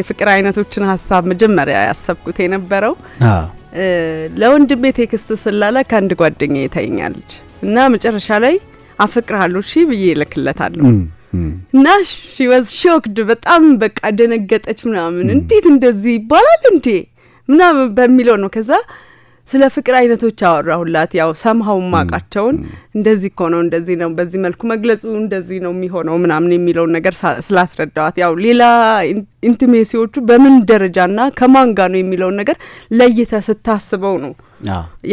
የፍቅር አይነቶችን ሀሳብ መጀመሪያ ያሰብኩት የነበረው ለወንድሜ ቴክስት ስላለ አንድ ጓደኛ የታይኛለች እና መጨረሻ ላይ አፈቅርሃለሁ ሺ ብዬ እልክለታለሁ እና ሺ ወዝ ሾክድ በጣም በቃ ደነገጠች ምናምን እንዴት እንደዚህ ይባላል እንዴ ምናምን በሚለው ነው ከዛ ስለ ፍቅር አይነቶች አወራሁላት። ያው ሰምሀው ማቃቸውን እንደዚህ እኮ ነው እንደዚህ ነው በዚህ መልኩ መግለጹ እንደዚህ ነው የሚሆነው ምናምን የሚለውን ነገር ስላስረዳዋት ያው ሌላ ኢንቲሜሲዎቹ በምን ደረጃና ከማን ጋ ነው የሚለውን ነገር ለይተ ስታስበው ነው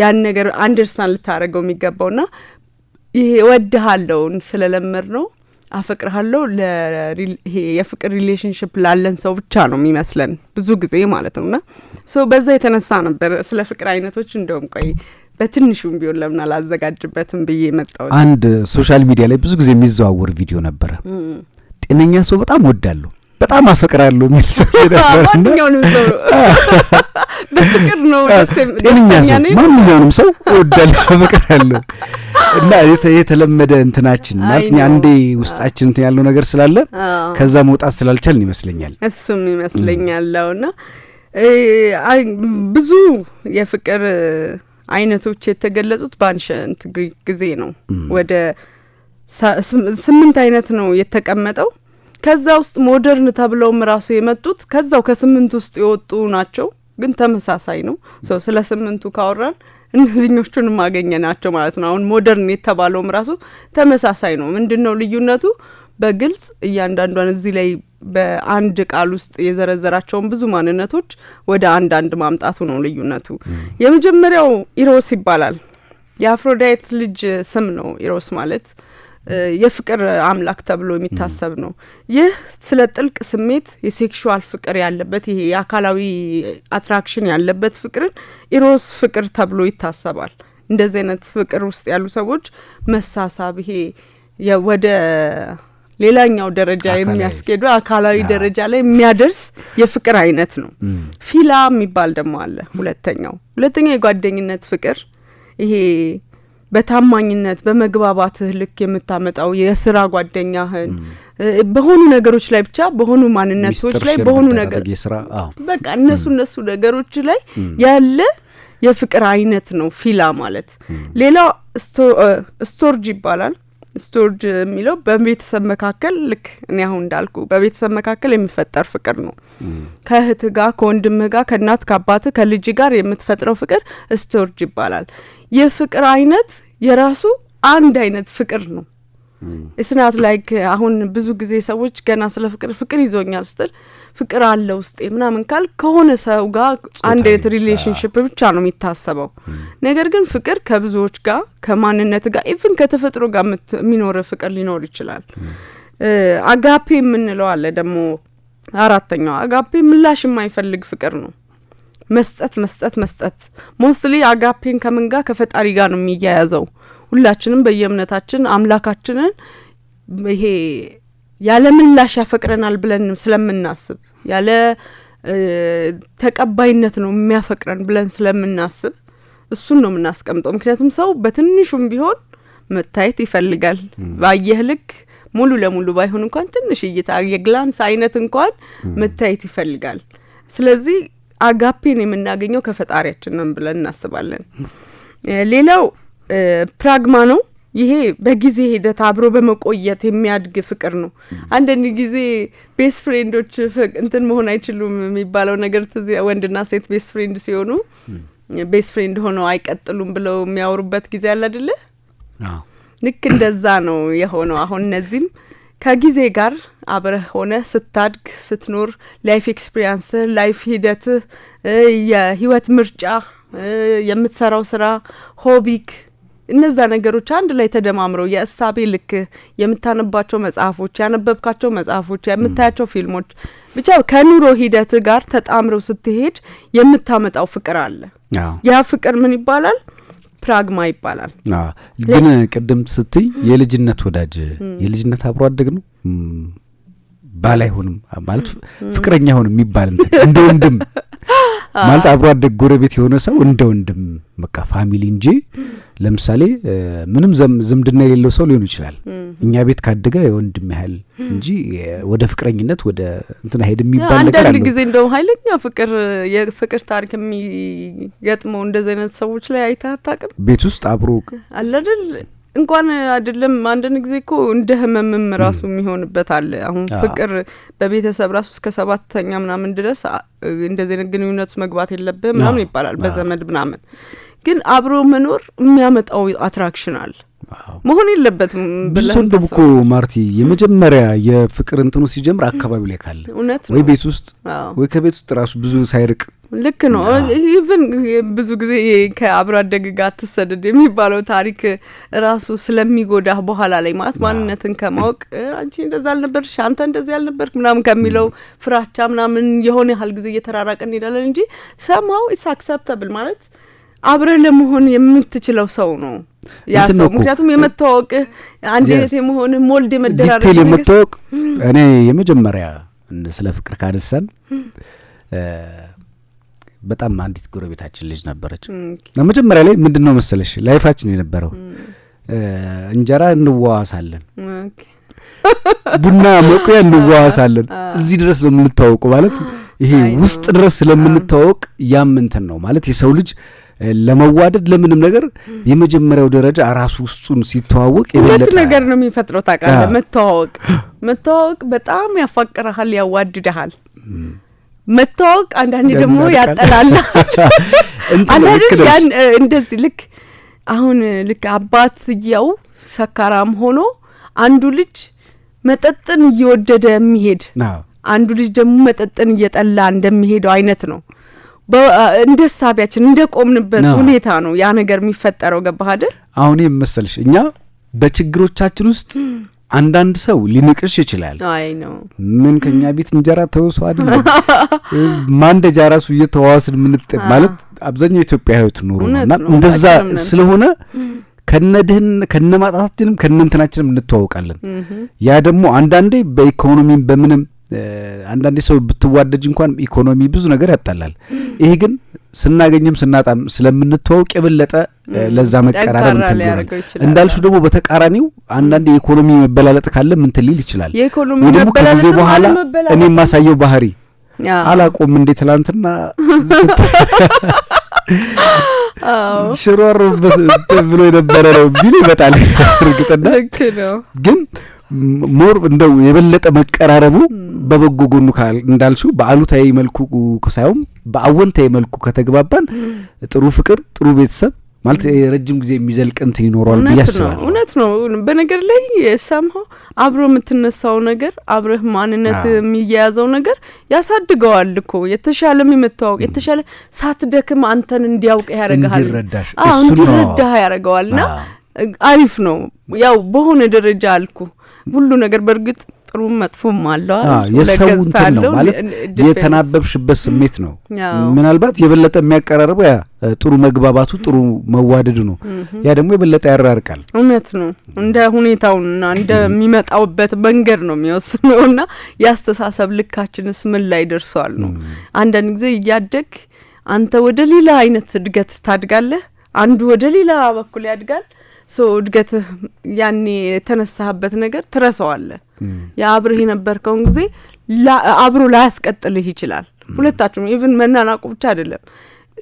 ያን ነገር ልታደረገው የሚገባው የሚገባውና ይሄ ወድሃለውን ስለለመድ ነው አፈቅርሃለሁ የፍቅር ሪሌሽንሽፕ ላለን ሰው ብቻ ነው የሚመስለን ብዙ ጊዜ ማለት ነው። ና ሶ በዛ የተነሳ ነበር ስለ ፍቅር አይነቶች እንደውም ቆይ በትንሹም ቢሆን ለምን አላዘጋጅበትም ብዬ መጣሁት። አንድ ሶሻል ሚዲያ ላይ ብዙ ጊዜ የሚዘዋወር ቪዲዮ ነበረ። ጤነኛ ሰው በጣም ወዳለሁ በጣም አፈቅራለሁ የሚል ሰው ነበር። ማንኛውንም ሰው በፍቅር ነው ጤነኛ ሰው ማንኛውንም ሰው እወዳለሁ አፈቅራለሁ እና የተለመደ እንትናችን ማለት አንዴ ውስጣችን እንትን ያለው ነገር ስላለ ከዛ መውጣት ስላልቻልን ይመስለኛል። እሱም ይመስለኛል እና ብዙ የፍቅር አይነቶች የተገለጹት በአንሸንት ግሪክ ጊዜ ነው። ወደ ስምንት አይነት ነው የተቀመጠው። ከዛ ውስጥ ሞደርን ተብለውም ራሱ የመጡት ከዛው ከስምንት ውስጥ የወጡ ናቸው። ግን ተመሳሳይ ነው። ስለ ስምንቱ ካወራን እነዚህኞቹን ማገኘ ናቸው ማለት ነው። አሁን ሞደርን የተባለውም ራሱ ተመሳሳይ ነው። ምንድን ነው ልዩነቱ? በግልጽ እያንዳንዷን እዚህ ላይ በአንድ ቃል ውስጥ የዘረዘራቸውን ብዙ ማንነቶች ወደ አንድ ማምጣቱ ነው ልዩነቱ። የመጀመሪያው ኢሮስ ይባላል። የአፍሮዳይት ልጅ ስም ነው ኢሮስ ማለት የፍቅር አምላክ ተብሎ የሚታሰብ ነው። ይህ ስለ ጥልቅ ስሜት የሴክሹዋል ፍቅር ያለበት ይሄ የአካላዊ አትራክሽን ያለበት ፍቅርን ኢሮስ ፍቅር ተብሎ ይታሰባል። እንደዚህ አይነት ፍቅር ውስጥ ያሉ ሰዎች መሳሳብ ይሄ ወደ ሌላኛው ደረጃ የሚያስኬዱ አካላዊ ደረጃ ላይ የሚያደርስ የፍቅር አይነት ነው። ፊላ የሚባል ደግሞ አለ። ሁለተኛው ሁለተኛው የጓደኝነት ፍቅር ይሄ በታማኝነት በመግባባትህ ልክ የምታመጣው የስራ ጓደኛህን በሆኑ ነገሮች ላይ ብቻ በሆኑ ማንነቶች ላይ በሆኑ ነገር በቃ እነሱ እነሱ ነገሮች ላይ ያለ የፍቅር አይነት ነው ፊላ ማለት። ሌላው ስቶርጅ ይባላል። ስቶርጅ የሚለው በቤተሰብ መካከል ልክ እኔ አሁን እንዳልኩ በቤተሰብ መካከል የሚፈጠር ፍቅር ነው። ከእህትህ ጋር፣ ከወንድምህ ጋር፣ ከእናት ከአባትህ፣ ከልጅ ጋር የምትፈጥረው ፍቅር ስቶርጅ ይባላል። የፍቅር አይነት የራሱ አንድ አይነት ፍቅር ነው። እስናት ላይክ uh, አሁን ብዙ ጊዜ ሰዎች ገና ስለ ፍቅር ፍቅር ይዞኛል ስትል ፍቅር አለ ውስጤ ምናምን ካል ከሆነ ሰው ጋር አንድ አይነት ሪሌሽንሽፕ ብቻ ነው የሚታሰበው። ነገር ግን ፍቅር ከብዙዎች ጋር ከማንነት ጋር ኢቭን ከተፈጥሮ ጋር የሚኖረ ፍቅር ሊኖር ይችላል። አጋፔ የምንለው አለ ደግሞ አራተኛው አጋፔ ምላሽ የማይፈልግ ፍቅር ነው። መስጠት መስጠት መስጠት። ሞስትሊ አጋፔን ከምን ጋር ከፈጣሪ ጋር ነው የሚያያዘው። ሁላችንም በየእምነታችን አምላካችንን ይሄ ያለ ምላሽ ያፈቅረናል ብለን ስለምናስብ ያለ ተቀባይነት ነው የሚያፈቅረን ብለን ስለምናስብ እሱን ነው የምናስቀምጠው። ምክንያቱም ሰው በትንሹም ቢሆን መታየት ይፈልጋል። ባየህ ልክ ሙሉ ለሙሉ ባይሆን እንኳን ትንሽ እይታ የግላንስ አይነት እንኳን መታየት ይፈልጋል። ስለዚህ አጋፔን የምናገኘው ከፈጣሪያችን ነው ብለን እናስባለን። ሌላው ፕራግማ ነው። ይሄ በጊዜ ሂደት አብሮ በመቆየት የሚያድግ ፍቅር ነው። አንዳንድ ጊዜ ቤስት ፍሬንዶች እንትን መሆን አይችሉም የሚባለው ነገር ወንድና ሴት ቤስት ፍሬንድ ሲሆኑ ቤስት ፍሬንድ ሆነው አይቀጥሉም ብለው የሚያወሩበት ጊዜ አለ አይደለ? ልክ እንደዛ ነው የሆነው። አሁን እነዚህም ከጊዜ ጋር አብረህ ሆነ ስታድግ ስትኖር ላይፍ ኤክስፒሪንስ ላይፍ ሂደት የህይወት ምርጫ የምትሰራው ስራ ሆቢክ እነዛ ነገሮች አንድ ላይ ተደማምረው የእሳቤ ልክ የምታነባቸው መጽሐፎች፣ ያነበብካቸው መጽሐፎች፣ የምታያቸው ፊልሞች ብቻ ከኑሮ ሂደት ጋር ተጣምረው ስትሄድ የምታመጣው ፍቅር አለ። ያ ፍቅር ምን ይባላል? ፕራግማ ይባላል። ግን ቅድም ስትይ የልጅነት ወዳጅ የልጅነት አብሮ አደግ ነው ባል አይሆንም ማለት ፍቅረኛ አይሆንም የሚባል እንደ ወንድም ማለት አብሮ አደግ ጎረቤት የሆነ ሰው እንደ ወንድም በቃ ፋሚሊ እንጂ ለምሳሌ ምንም ዝምድና የሌለው ሰው ሊሆን ይችላል። እኛ ቤት ካደገ የወንድም ያህል እንጂ ወደ ፍቅረኝነት ወደ እንትን አይሄድም የሚባል ነገር አለ። አንዳንድ ጊዜ እንደውም ኃይለኛ ፍቅር የፍቅር ታሪክ የሚገጥመው እንደዚህ አይነት ሰዎች ላይ አይተህ አታውቅም? ቤት ውስጥ አብሮ አለ እንኳን አይደለም አንዳንድ ጊዜ እኮ እንደ ህመምም ራሱ የሚሆንበት አለ። አሁን ፍቅር በቤተሰብ ራሱ እስከ ሰባተኛ ምናምን ድረስ እንደዚህ ግንኙነት ውስጥ መግባት የለብህ ምናምን ይባላል በዘመድ ምናምን ግን አብሮ መኖር የሚያመጣው አትራክሽን አለ መሆን የለበትም ብለህ እንደውም እኮ ማርቲ የመጀመሪያ የፍቅር እንትኑ ሲጀምር አካባቢ ላይ ካለ እውነት ወይ ቤት ውስጥ ወይ ከቤት ውስጥ ራሱ ብዙ ሳይርቅ ልክ ነው። ኢቭን ብዙ ጊዜ ከአብሮ አደግ ጋር አትሰደድ የሚባለው ታሪክ ራሱ ስለሚጎዳህ በኋላ ላይ ማለት ማንነትን ከማወቅ አንቺ እንደዛ አልነበር አንተ እንደዚህ አልነበር ምናምን ከሚለው ፍራቻ ምናምን የሆነ ያህል ጊዜ እየተራራቀ እንሄዳለን እንጂ ሰማው ኢትስ አክሰፕተብል ማለት አብረህ ለመሆን የምትችለው ሰው ነው ያ ሰው። ምክንያቱም የመታወቅ አንድ አይነት የመሆን ሞልድ የመደራረግ ዲቴል የመታወቅ እኔ የመጀመሪያ ስለ ፍቅር ካነሳን በጣም አንዲት ጎረቤታችን ልጅ ነበረች። መጀመሪያ ላይ ምንድን ነው መሰለሽ ላይፋችን የነበረው እንጀራ እንዋዋሳለን፣ ቡና መቁያ እንዋዋሳለን። እዚህ ድረስ ነው የምንታወቁ ማለት ይሄ ውስጥ ድረስ ስለምንታወቅ ያም ነው ማለት የሰው ልጅ ለመዋደድ ለምንም ነገር የመጀመሪያው ደረጃ ራሱ ውስጡን ሲተዋወቅ ሁለት ነገር ነው የሚፈጥረው። ታውቃለህ፣ መተዋወቅ መተዋወቅ በጣም ያፋቅረሃል፣ ያዋድድሃል። መተዋወቅ አንዳንዴ ደግሞ ያጠላልሃል። ያን እንደዚህ ልክ አሁን ልክ አባትየው ሰካራም ሆኖ አንዱ ልጅ መጠጥን እየወደደ የሚሄድ አንዱ ልጅ ደግሞ መጠጥን እየጠላ እንደሚሄደው አይነት ነው። እንደ ሳቢያችን እንደ ቆምንበት ሁኔታ ነው ያ ነገር የሚፈጠረው። ገባህ አይደል? አሁን መሰልሽ እኛ በችግሮቻችን ውስጥ አንዳንድ ሰው ሊንቅሽ ይችላል። ምን ከኛ ቤት እንጀራ ተውሶ አይደለም ማንደጃ ራሱ እየተዋዋስን ምንጥ ማለት አብዛኛው ኢትዮጵያ ህይወት ኑሮ እና እንደዛ ስለሆነ ከነድህን ከነማጣታችንም ከነንትናችንም እንተዋውቃለን። ያ ደግሞ አንዳንዴ በኢኮኖሚም በምንም አንዳንድ ሰው ብትዋደጅ እንኳን ኢኮኖሚ ብዙ ነገር ያጣላል። ይሄ ግን ስናገኝም ስናጣም ስለምንተዋወቅ የበለጠ ለዛ መቀራረብ እንትን ይሆናል። እንዳልሹ ደግሞ በተቃራኒው አንዳንድ የኢኮኖሚ መበላለጥ ካለ ምንትን ሊል ይችላል። ወይ ደግሞ ከጊዜ በኋላ እኔ የማሳየው ባህሪ አላቆም እንዴ ትላንትና ሽሮር ብሎ የነበረ ነው ቢል ይመጣል። እርግጥና ግን ሞር እንደው የበለጠ መቀራረቡ በበጎ ጎኑ ካል በአሉታዊ መልኩ ሳይሆን በአወንታዊ መልኩ ከተግባባን ጥሩ ፍቅር፣ ጥሩ ቤተሰብ ማለት ረጅም ጊዜ የሚዘልቅ እንትን ይኖረዋል ብዬ አስባለሁ። እውነት ነው። በነገር ላይ ሰምሀው አብሮ የምትነሳው ነገር አብረህ ማንነት የሚያያዘው ነገር ያሳድገዋል እኮ የተሻለ የመተዋወቅ የተሻለ ሳትደክም አንተን እንዲያውቅ ያደርግሃል፣ እንዲረዳህ ያደርገዋል። ና አሪፍ ነው። ያው በሆነ ደረጃ አልኩ ሁሉ ነገር በእርግጥ ጥሩም መጥፎም አለው። የሰው እንትን ነው ማለት የተናበብሽበት ስሜት ነው። ምናልባት የበለጠ የሚያቀራርበው ያ ጥሩ መግባባቱ ጥሩ መዋደዱ ነው። ያ ደግሞ የበለጠ ያራርቃል። እውነት ነው። እንደ ሁኔታውና እንደሚመጣውበት መንገድ ነው የሚወስነው እና የአስተሳሰብ ልካችንስ ምን ላይ ደርሷል ነው። አንዳንድ ጊዜ እያደግ አንተ ወደ ሌላ አይነት እድገት ታድጋለህ፣ አንዱ ወደ ሌላ በኩል ያድጋል። ሶ እድገትህ ያኔ የተነሳህበት ነገር ትረሰዋለ። የአብርህ የነበርከውን ጊዜ አብሮ ላያስቀጥልህ ይችላል። ሁለታችሁም ኢቭን መናናቁ ብቻ አይደለም።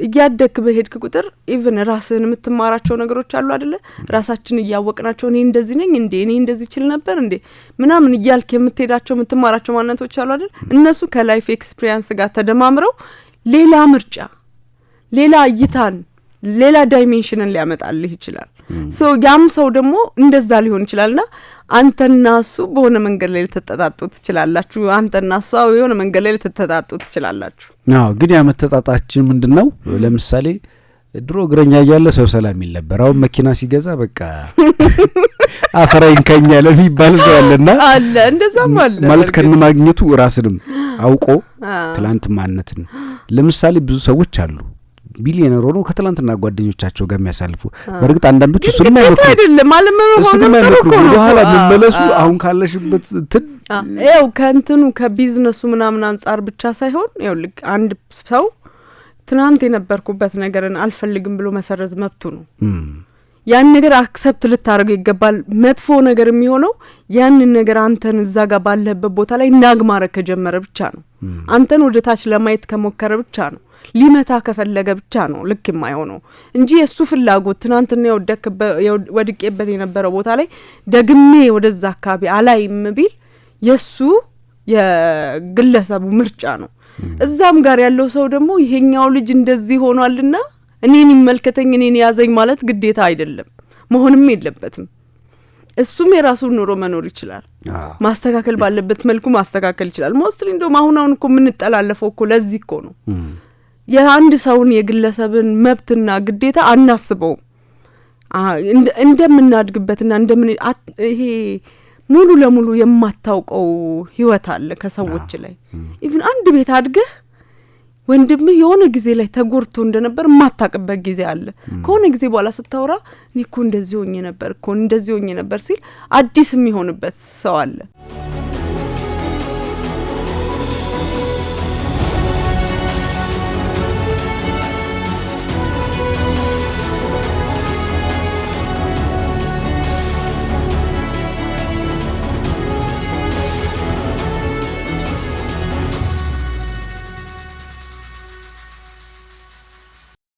እያደግክ በሄድክ ቁጥር ኢቭን ራስህን የምትማራቸው ነገሮች አሉ አደለ? ራሳችን እያወቅናቸው እኔ እንደዚህ ነኝ እንዴ እኔ እንደዚህ ችል ነበር እንዴ ምናምን እያልክ የምትሄዳቸው የምትማራቸው ማንነቶች አሉ አደለ? እነሱ ከላይፍ ኤክስፒሪየንስ ጋር ተደማምረው ሌላ ምርጫ፣ ሌላ እይታን፣ ሌላ ዳይሜንሽንን ሊያመጣልህ ይችላል። ሶ ያም ሰው ደግሞ እንደዛ ሊሆን ይችላልና አንተና እሱ በሆነ መንገድ ላይ ልትተጣጡ ትችላላችሁ። አንተና እሷ የሆነ መንገድ ላይ ልትተጣጡ ትችላላችሁ። አዎ ግን ያ መተጣጣችን ምንድን ነው? ለምሳሌ ድሮ እግረኛ እያለ ሰው ሰላም ይል ነበር። አሁን መኪና ሲገዛ በቃ አፈራኝ ከኛ ለሚባል ሰው አለና አለ እንደዛም አለ ማለት ከን ማግኘቱ ራስንም አውቆ ትላንት ማንነትን ለምሳሌ ብዙ ሰዎች አሉ ቢሊዮነር ሆኖ ከትላንትና ጓደኞቻቸው ጋር የሚያሳልፉ በእርግጥ አንዳንዶች እሱ አይደለም የሚመለሱ አሁን ካለሽበት ትን ያው ከእንትኑ ከቢዝነሱ ምናምን አንጻር ብቻ ሳይሆን ያው ልክ አንድ ሰው ትናንት የነበርኩበት ነገርን አልፈልግም ብሎ መሰረት መብቱ ነው። ያን ነገር አክሰፕት ልታደርገው ይገባል። መጥፎ ነገር የሚሆነው ያንን ነገር አንተን እዛ ጋር ባለህበት ቦታ ላይ ናግ ከጀመረ ብቻ ነው። አንተን ወደ ታች ለማየት ከሞከረ ብቻ ነው። ሊመታ ከፈለገ ብቻ ነው ልክ የማይሆነው እንጂ የእሱ ፍላጎት ትናንትና ወድቄበት የነበረው ቦታ ላይ ደግሜ ወደዛ አካባቢ አላይም ቢል የእሱ የግለሰቡ ምርጫ ነው። እዛም ጋር ያለው ሰው ደግሞ ይሄኛው ልጅ እንደዚህ ሆኗልና እኔን ይመልከተኝ እኔን ያዘኝ ማለት ግዴታ አይደለም፣ መሆንም የለበትም። እሱም የራሱን ኑሮ መኖር ይችላል። ማስተካከል ባለበት መልኩ ማስተካከል ይችላል። ሞስትሊ እንደውም አሁን አሁን እኮ የምንጠላለፈው እኮ ለዚህ እኮ ነው። የአንድ ሰውን የግለሰብን መብትና ግዴታ አናስበውም። እንደምናድግበትና እንደምን ይሄ ሙሉ ለሙሉ የማታውቀው ህይወት አለ ከሰዎች ላይ ኢቭን አንድ ቤት አድገህ ወንድምህ የሆነ ጊዜ ላይ ተጎድቶ እንደነበር የማታቅበት ጊዜ አለ። ከሆነ ጊዜ በኋላ ስታወራ እኔ እኮ እንደዚህ ሆኜ ነበር እኮ እንደዚህ ሆኜ ነበር ሲል አዲስ የሚሆንበት ሰው አለ።